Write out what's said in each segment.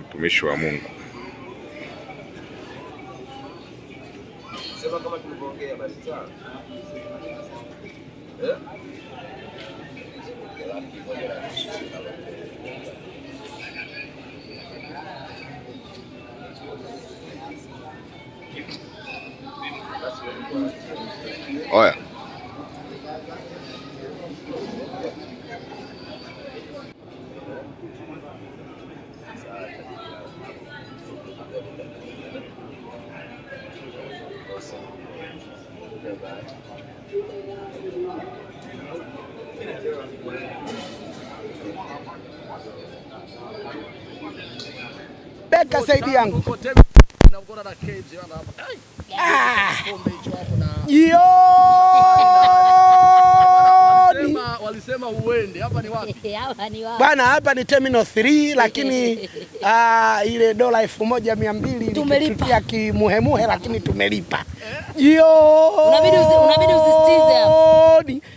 mtumishi wa Mungu kama tulivyoongea basi sawa eh? Beka zaidi yangu ah! jioni. Bwana, hapa ni terminal 3 lakini uh, ile dola elfu moja mia mbili tumelipa kimuhemuhe, lakini tumelipa eh? jioni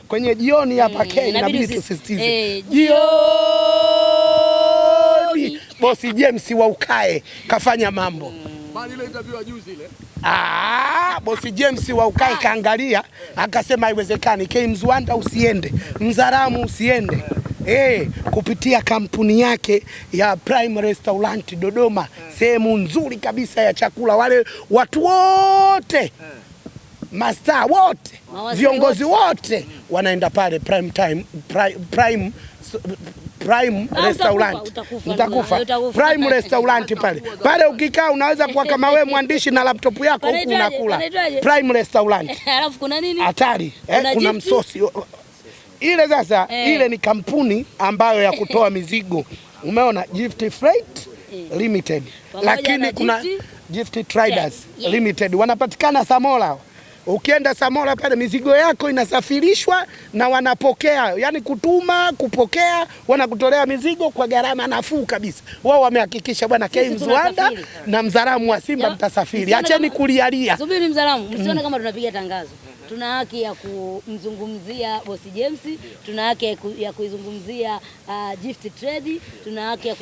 kwenye jioni hapa eh, Kenya, inabidi tusisitize eh, jioni bosi James wa ukae kafanya mambo Ah, bosi James wa ukae ah. kaangalia, akasema haiwezekani. K Mzwanda usiende, Mzaramu usiende. Hey, eh, kupitia kampuni yake ya Prime Restaurant Dodoma, eh. sehemu nzuri kabisa ya chakula, wale watu wote eh mastaa wote viongozi wote wanaenda pale prime time, prime, prime, prime ah, restaurant mtakufa prime restaurant pale pale, ukikaa unaweza kuwa kama wewe mwandishi na laptop yako huku unakula prime restaurant. Alafu kuna nini? Hatari eh, kuna msosi ile sasa eh. Ile ni kampuni ambayo ya kutoa mizigo umeona, Gift Freight eh. Limited, lakini kuna Gift Traders Limited wanapatikana Samora Ukienda Samora pale mizigo yako inasafirishwa na wanapokea, yani kutuma, kupokea, wanakutolea mizigo kwa gharama nafuu kabisa. Wao wamehakikisha bwana K Mzuanda na mzaramu wa Simba mtasafiri. Acheni kulialia. Subiri mzaramu, msione mm. kama tunapiga tangazo tuna haki ya kumzungumzia bosi James, tuna haki ya kuizungumzia uh, gift trade, tuna haki ya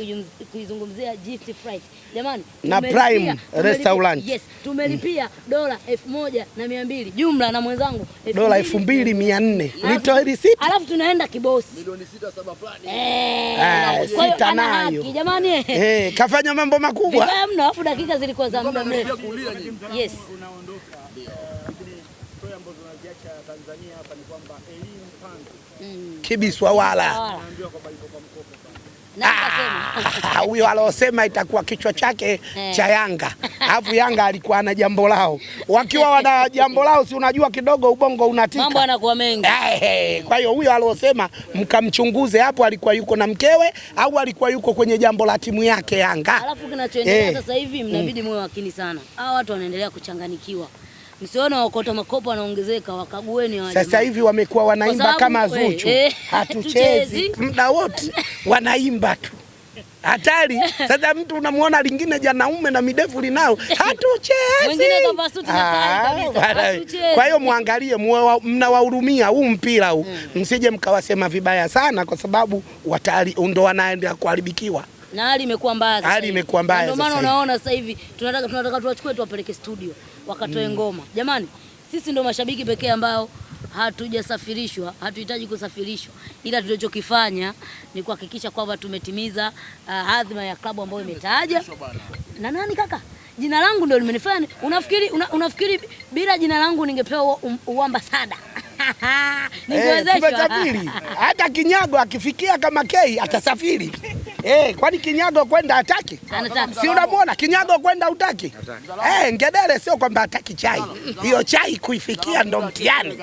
kuizungumzia gift Fright. jamani, na Prime Restaurant. Yes, tumelipia mm. dola elfu moja na mia mbili jumla na mwenzangu dola elfu mbili mia nne nitoe risiti, alafu tunaenda kibosi milioni sita saba fulani eh, eh sita nayo jamani eh, kafanya mambo makubwa mno, alafu dakika zilikuwa za muda mrefu. Yes. Tanzania hapa ni kwamba elimu panzi mm. kibiswa wala ah, huyo alosema itakuwa kichwa chake eh. cha Yanga, alafu Yanga alikuwa ana jambo lao. Wakiwa wana jambo lao, si unajua kidogo ubongo unatika, mambo yanakuwa mengi. Eh, eh. Kwa hiyo huyo alosema mkamchunguze hapo, alikuwa yuko na mkewe au alikuwa yuko kwenye jambo la timu yake Yanga. Alafu kinachoendelea sasa hivi, mnabidi moyo mm. wakini sana, hawa watu wanaendelea kuchanganikiwa msione wakota makopo wanaongezeka, wakagueni wale. Sasa hivi wamekuwa wanaimba kama eh, Zuchu, eh, hatuchezi muda wote wanaimba tu hatari. Sasa mtu unamwona lingine janaume na midefu linao, ah, hatuchezi. Kwa hiyo mwangalie, mnawahurumia huu mpira huu, hmm. msije mkawasema vibaya sana, kwa sababu ndo wanaenda kuharibikiwa na hali imekuwa mbaya, hali imekuwa mbaya. Ndio maana unaona sasa hivi tunataka tunataka tuwachukue tuwapeleke studio wakatoe mm. ngoma. Jamani, sisi ndio mashabiki pekee ambao hatujasafirishwa, hatuhitaji kusafirishwa, ila tulichokifanya ni kuhakikisha kwamba tumetimiza uh, adhima ya klabu ambayo imetaja na nani kaka jina langu ndio limenifanya unafikiri, una, unafikiri bila jina langu ningepewa uambasada um, eh, ningewezeshwa. Hata kinyago akifikia kama Kei atasafiri. Eh, kwani Kinyago kwenda hataki? Si unamwona Kinyago kwenda utaki? Eh, Ngedere sio kwamba hataki chai. Hiyo chai kuifikia ndo mtihani.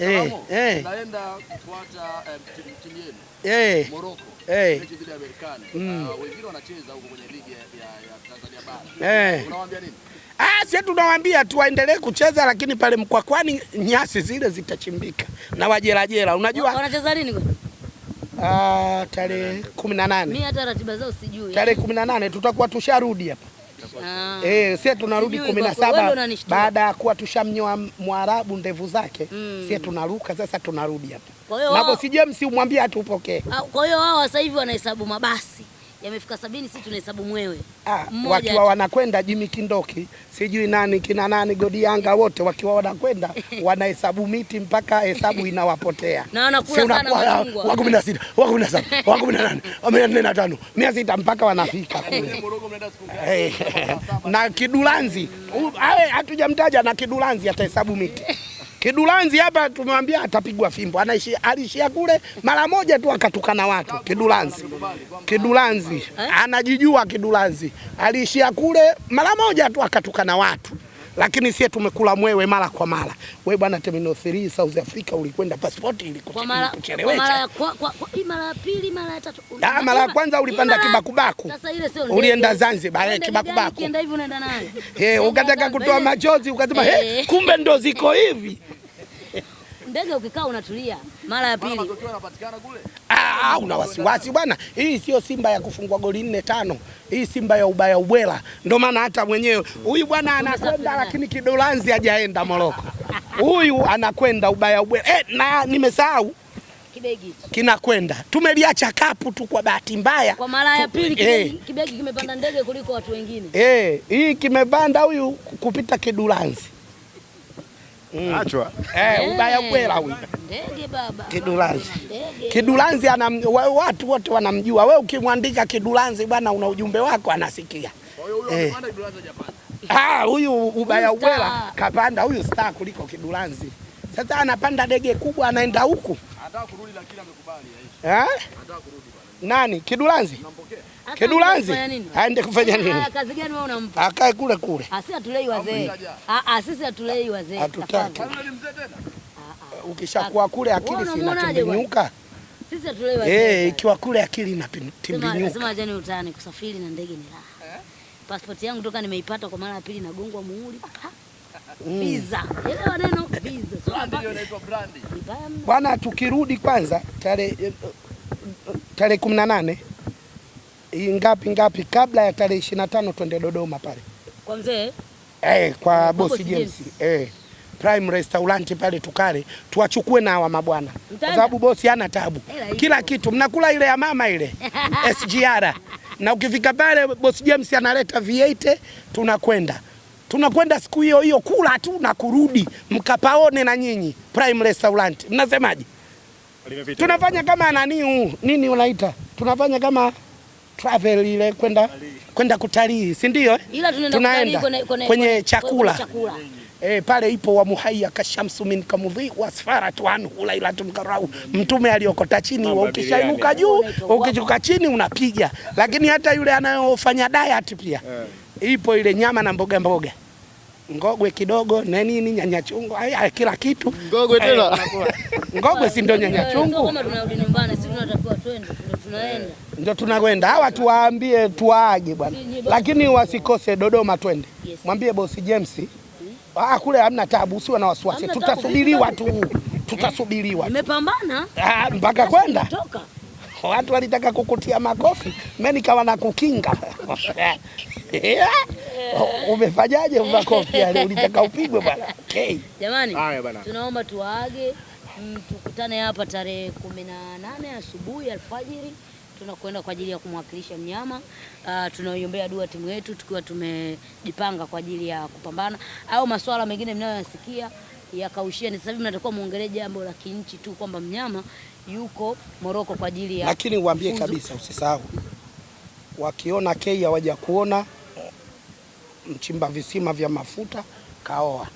Eh, eh. Naenda kufuata eh, timu yenu. Eh. Morocco. Eh. Mechi dhidi ya Berkane. Mm. Ah, wengine wanacheza huko kwenye ligi ya Tanzania bara. Eh. Unawaambia nini? Ah, sisi tunawaambia tu waendelee kucheza lakini pale Mkwakwani nyasi zile zitachimbika na wajerajera. Unajua wanacheza nini? kwa? Ah, tarehe kumi na nane tarehe kumi na nane tutakuwa tusharudi hapa ah. eh, sie tunarudi kumi na saba baada ya kuwa tushamnyoa Mwarabu ndevu zake mm. sie tunaruka sasa, tunarudi hapa napo, si James umwambie atupokee. Ah, kwa hiyo wao sasa hivi wanahesabu mabasi yamefika sabini, sisi tunahesabu mwewe ah, mmoja, wakiwa wanakwenda Jimi Kindoki sijui nani kina nani Godi Yanga wote wakiwa wanakwenda wanahesabu miti mpaka hesabu inawapotea, wa kumi na sita wa kumi na saba wa kumi na nane mia nne na tano mia sita mpaka wanafika kule na kidulanzi hatujamtaja na kidulanzi atahesabu miti Kidulanzi hapa tumemwambia atapigwa fimbo, anaishi alishia kule mara moja tu akatukana watu. Kidulanzi, Kidulanzi eh? anajijua. Kidulanzi aliishia kule mara moja tu akatukana watu lakini sie tumekula mwewe mara kwa mara. We bwana, terminal 3 South Africa ulikwenda, pasipoti ilikuchelewesha. Mara ya kwanza ulipanda kibakubaku, ulienda Zanzibar eh, kibakubaku, yaani eh, ukataka kutoa machozi, ukasema eh, kumbe ndo ziko hivi. Ndege ukikaa unatulia mara ya pili. Ah, ah, una wasiwasi bwana, hii sio Simba ya kufungwa goli nne tano, hii Simba ya ubaya ubwela. Ndio maana hata mwenyewe huyu bwana anakwenda, lakini kidolanzi hajaenda Moroko. Huyu anakwenda ubaya ubwela. Eh, na nimesahau kibegi kinakwenda, tumeliacha kapu tu kwa bahati mbaya, kwa mara ya pili eh. kibegi, eh, kibegi kimepanda ndege kuliko watu wengine eh, hii kimepanda huyu kupita kidulanzi. Mm. Achwa. Eh, mm. ubaya kwela huyu. Ndege baba. Kidulanzi. Kidulanzi watu wote wanamjua. Wewe ukimwandika Kidulanzi bwana una ujumbe wako anasikia. Eh. Ah, huyu ubaya kwela kapanda huyu star kuliko Kidulanzi. Sasa anapanda dege kubwa anaenda huku. Anataka kurudi lakini amekubali. Eh? eh? Anataka kurudi nani Kidulanzi Kidulanzi aende kufanya nini? Ah, kazi gani wewe unampa? Akae kule kule. Ah, sisi hatulei wazee. Ah, ah, sisi hatulei wazee. Hatutaki. Ukishakuwa kule akili si inatimbinyuka. Sisi hatulei wazee. Eh, ikiwa kule akili inatimbinyuka. Nasema jana utani kusafiri na ndege ni raha. Eh? Pasipoti yangu toka nimeipata kwa mara ya pili nagongwa muhuri. Mm. Visa. Elewa neno eh. visa. Bwana tukirudi kwanza tarehe eh, tarehe kumi na nane ngapi ngapi, kabla ya tarehe ishirini na tano twende Dodoma pale kwa mzee eh, kwa bosi James eh, Prime Restaurant pale tukale, tuwachukue na hawa mabwana, kwa sababu bosi hana tabu, eh, kila kitu mnakula ile ya mama ile SGR na ukifika pale bosi James analeta V8 tunakwenda tunakwenda siku hiyo hiyo, kula tu na kurudi, mkapaone na nyinyi Prime Restaurant. Mnasemaje? tunafanya kama nani nini unaita, tunafanya kama travel ile kwenda kwenda kutalii, si ndio? Tunaenda kwenye chakula Eh, pale ipo wa muhaya kashamsu min kamudhi tuanu anhu ila tumkarau mtume aliokota chini wa ukishainuka juu ukishuka chini unapiga. Lakini hata yule anayofanya diet pia eh. ipo ile nyama na mboga mboga, ngogwe kidogo na nini, nyanya chungu, kila kitu ngogwe tena eh, Ngogwe si ndio nyanya eh, chungu? ndo tunakwenda hawa, tuwaambie tuwaage bwana, lakini wasikose Dodoma, twende yes. Mwambie bosi James hmm? ah, kule hamna tabu, usiwe na wasiwasi, tutasubiriwa tu, tutasubiriwa nimepambana ah, mpaka kwenda watu walitaka kukutia makofi, mimi nikawa na kukinga. Eh. Umefanyaje? Makofi ulitaka upigwe bwana. Jamani, tunaomba tuwaage. Mm, tukutane hapa tarehe kumi na nane asubuhi alfajiri, tunakwenda kwa ajili ya kumwakilisha mnyama. Uh, ah, tunaiombea dua timu yetu tukiwa tumejipanga kwa ajili ya kupambana, au masuala mengine mnayoyasikia yakaushia. Ni sasa hivi mnatakuwa muongelee jambo la kinchi tu kwamba mnyama yuko Moroko kwa ajili ya, lakini uambie kabisa, usisahau wakiona kei hawaja kuona eh, mchimba visima vya mafuta kaoa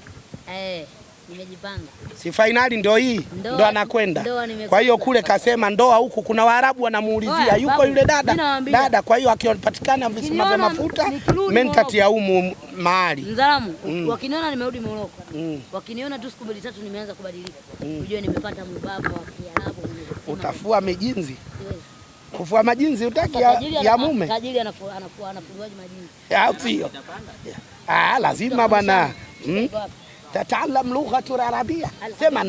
eh. Nimejipanga. Si fainali ndio hii ndo anakwenda. Kwa hiyo kule kasema ndoa huku kuna Waarabu wanamuulizia yuko yule dada dada. Kwa hiyo akipatikana visima vya mafuta mentat ya umu mahali Nzalamu mm. Wakiniona nimerudi Moroko mm. Wakiniona tu siku mbili tatu nimeanza kubadilika mm. Unajua nimepata mbaba wa Kiarabu. Utafua mijinzi kufua majinzi utaki ya, ya mume tajiri anafuaje majinzi au sio? Ah, lazima bwana. Mm. تتعلم لغة العربية سمعنا